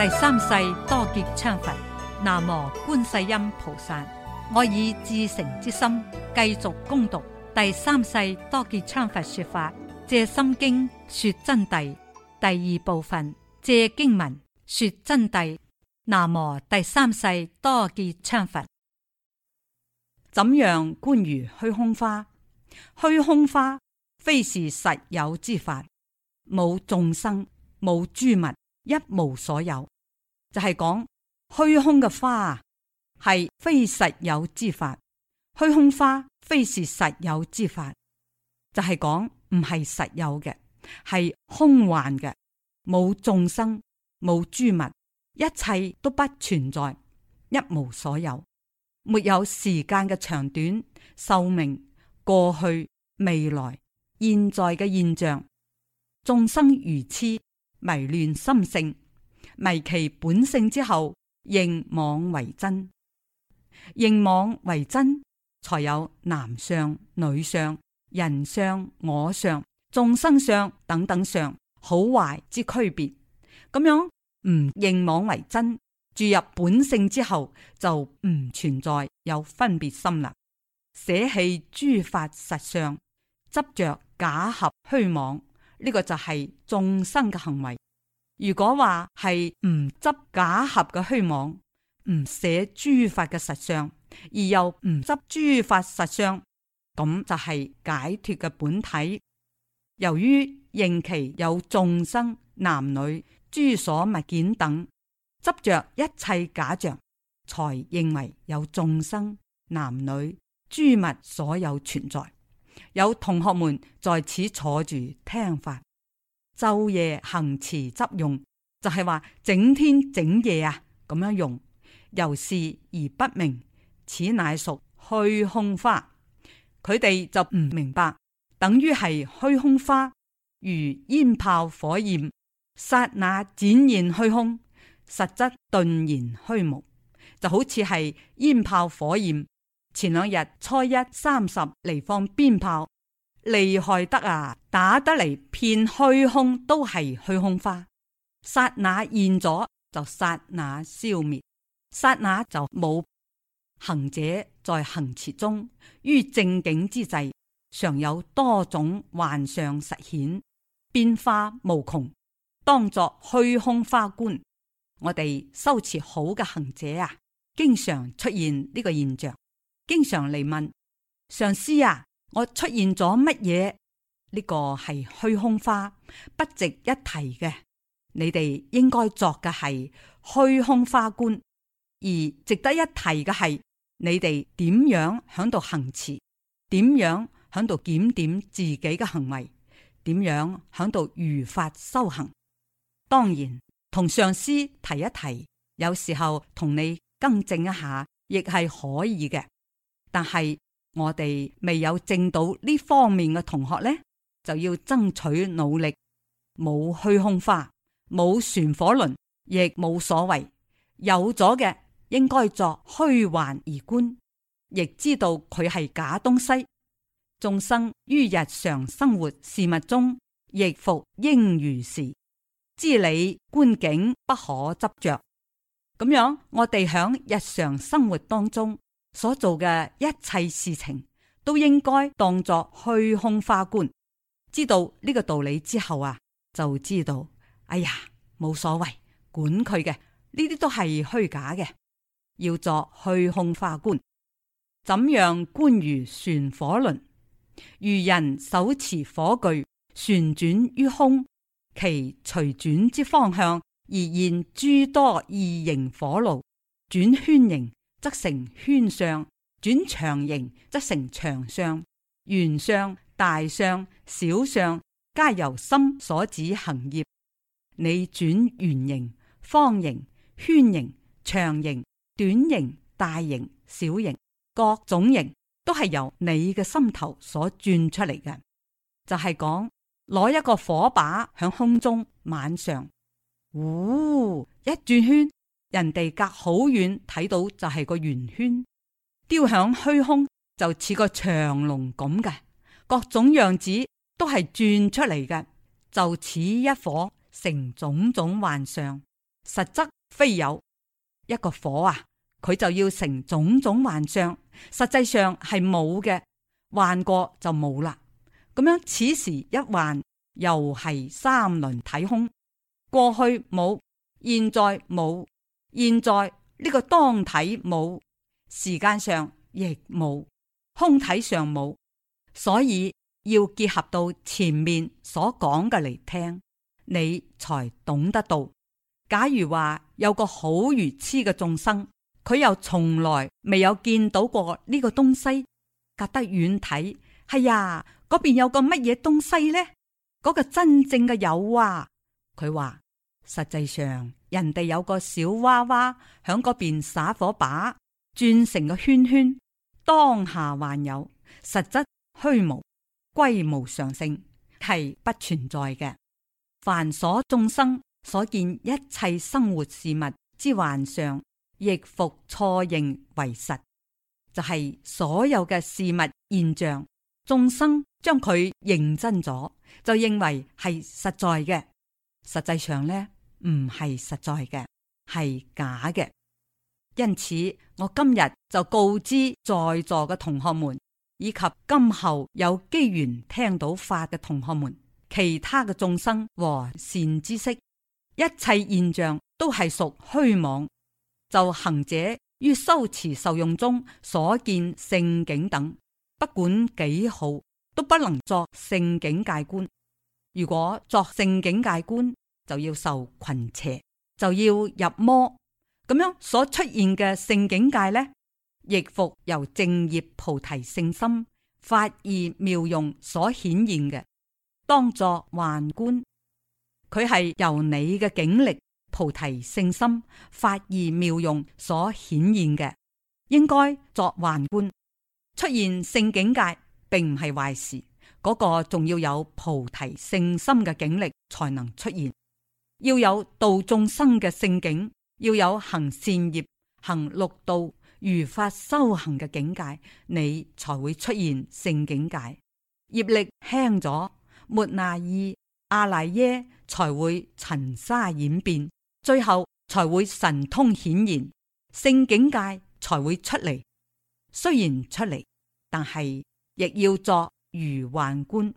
.第三世多杰羌佛，南無觀世音菩薩。我以至誠之心繼續攻讀第三世多杰羌佛說法，借心經說真諦第二部分，借經文說真諦。南無第三世多杰羌佛，怎樣觀如虛空花？虛空花非是實有之法，無眾生，無諸物。一無所有，就係、是、講虛空嘅花，係非實有之法。虛空花非是實有之法，就係講唔係實有嘅，係空幻嘅，冇眾生，冇諸物，一切都不存在，一無所有，沒有時間嘅長短、壽命、過去、未來、現在嘅現象，眾生如痴。迷亂心性，迷其本性之後，認妄為真，認妄為真，才有男相、女相、人相、我相、眾生相等等相，好壞之區別。咁樣唔認妄為真，注入本性之後，就唔存在有分別心啦。捨棄諸法實相，執着假合虛妄。呢個就係眾生嘅行為。如果話係唔執假合嘅虛妄，唔寫諸法嘅實相，而又唔執諸法實相，咁就係解脫嘅本體。由於認其有眾生、男女、諸所物件等，執着一切假象，才認為有眾生、男女、諸物所有存在。有同學們在此坐住聽法，晝夜行持執用，就係、是、話整天整夜啊咁樣用，由是而不明，此乃屬虛空花。佢哋就唔明白，等於係虛空花，如煙炮火焰，剎那展現虛空，實質頓然虛無，就好似係煙炮火焰。前兩日初一三十嚟放鞭炮，厲害得啊！打得嚟片虛空都係虛空花，剎那現咗就剎那消滅，剎那就冇。行者在行持中，於正境之際，常有多種幻象實顯，變化無窮，當作虛空花觀。我哋修持好嘅行者啊，經常出現呢個現象。經常嚟問上司啊，我出現咗乜嘢？呢個係虛空花，不值一提嘅。你哋應該作嘅係虛空花觀，而值得一提嘅係你哋點樣響度行持，點樣響度檢點自己嘅行為，點樣響度如法修行。當然，同上司提一提，有時候同你更正一下，亦係可以嘅。但係我哋未有證到呢方面嘅同學呢，就要爭取努力。冇虛空花，冇旋火輪，亦冇所謂。有咗嘅，應該作虛幻而觀，亦知道佢係假東西。眾生於日常生活事物中，亦復應如是知理觀境不可執着。咁樣，我哋響日常生活當中。所做嘅一切事情都應該當作虛空化觀，知道呢個道理之後啊，就知道，哎呀，冇所謂，管佢嘅呢啲都係虛假嘅，要作虛空化觀，怎樣觀如旋火輪，如人手持火炬旋轉於空，其隨轉之方向而現諸多異形火爐，轉圈形。則成圈相，轉長形則成長相、圓相、大相、小相，皆由心所指行業。你轉圓形、方形、圈形、長形、短形、大形、小形，各種形都係由你嘅心頭所轉出嚟嘅。就係講攞一個火把響空中，晚上，嗚、哦、一轉圈。人哋隔好遠睇到就係個圓圈，雕響虛空就似個長龍咁嘅，各種樣子都係轉出嚟嘅，就似一火成種種幻象，實則非有一個火啊，佢就要成種種幻象，實際上係冇嘅，幻過就冇啦。咁樣此時一幻又係三輪體空，過去冇，現在冇。現在呢、呢個當體冇，時間上亦冇，空體上冇，所以要結合到前面所講嘅嚟聽，你才懂得到。假如話有個好愚痴嘅眾生，佢又從來未有見到過呢個東西，隔得遠睇，係、哎、呀，嗰邊有個乜嘢東西呢？嗰、嗰個真正嘅有啊，佢話。實際上，人哋有個小娃娃喺嗰邊耍火把，轉成個圈圈，當下還有實質虛無、歸無常性，係不存在嘅。凡所眾生所見一切生活事物之幻相，亦復錯認為實，就係、是、所有嘅事物現象，眾生將佢認真咗，就認為係實在嘅。實際上呢，唔係實在嘅，係假嘅。因此，我今日就告知在座嘅同學們，以及今後有機緣聽到法嘅同學們，其他嘅眾生和善知識，一切現象都係屬虛妄。就行者於修持受用中所見聖境等，不管幾好，都不能作聖境界觀。如果作聖境界觀，就要受群邪，就要入魔。咁樣所出現嘅聖境界呢，亦復由正業菩提聖心法義妙用所顯現嘅，當作幻觀。佢係由你嘅警力、菩提聖心、法義妙用所顯現嘅，應該作幻觀。出現聖境界，並唔係壞事。嗰個仲要有菩提聖心嘅警力才能出現，要有度眾生嘅聖境，要有行善業、行六道如法修行嘅境界，你才會出現聖境界。業力輕咗，末那意阿賴耶才會塵沙演變，最後才會神通顯然。聖境界才會出嚟。雖然出嚟，但係亦要作。如幻觀，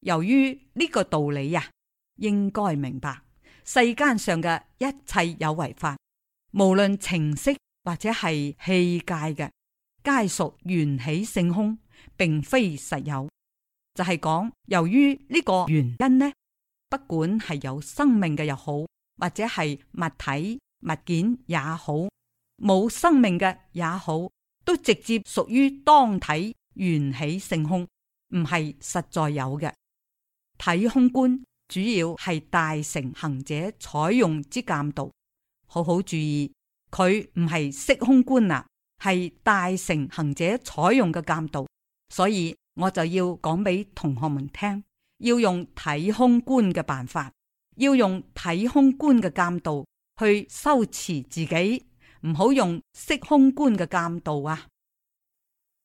由於呢個道理呀，應該明白世間上嘅一切有違法，無論情世或者係器界嘅，皆屬緣起性空，並非實有。就係、是、講由於呢個原因呢，不管係有生命嘅又好，或者係物體物件也好，冇生命嘅也好，都直接屬於當體緣起性空。唔係實在有嘅，體空觀主要係大乘行者採用之鑒道，好好注意，佢唔係析空觀啊，係大乘行者採用嘅鑒道，所以我就要講俾同學們聽，要用體空觀嘅辦法，要用體空觀嘅鑒道去修持自己，唔好用析空觀嘅鑒道啊。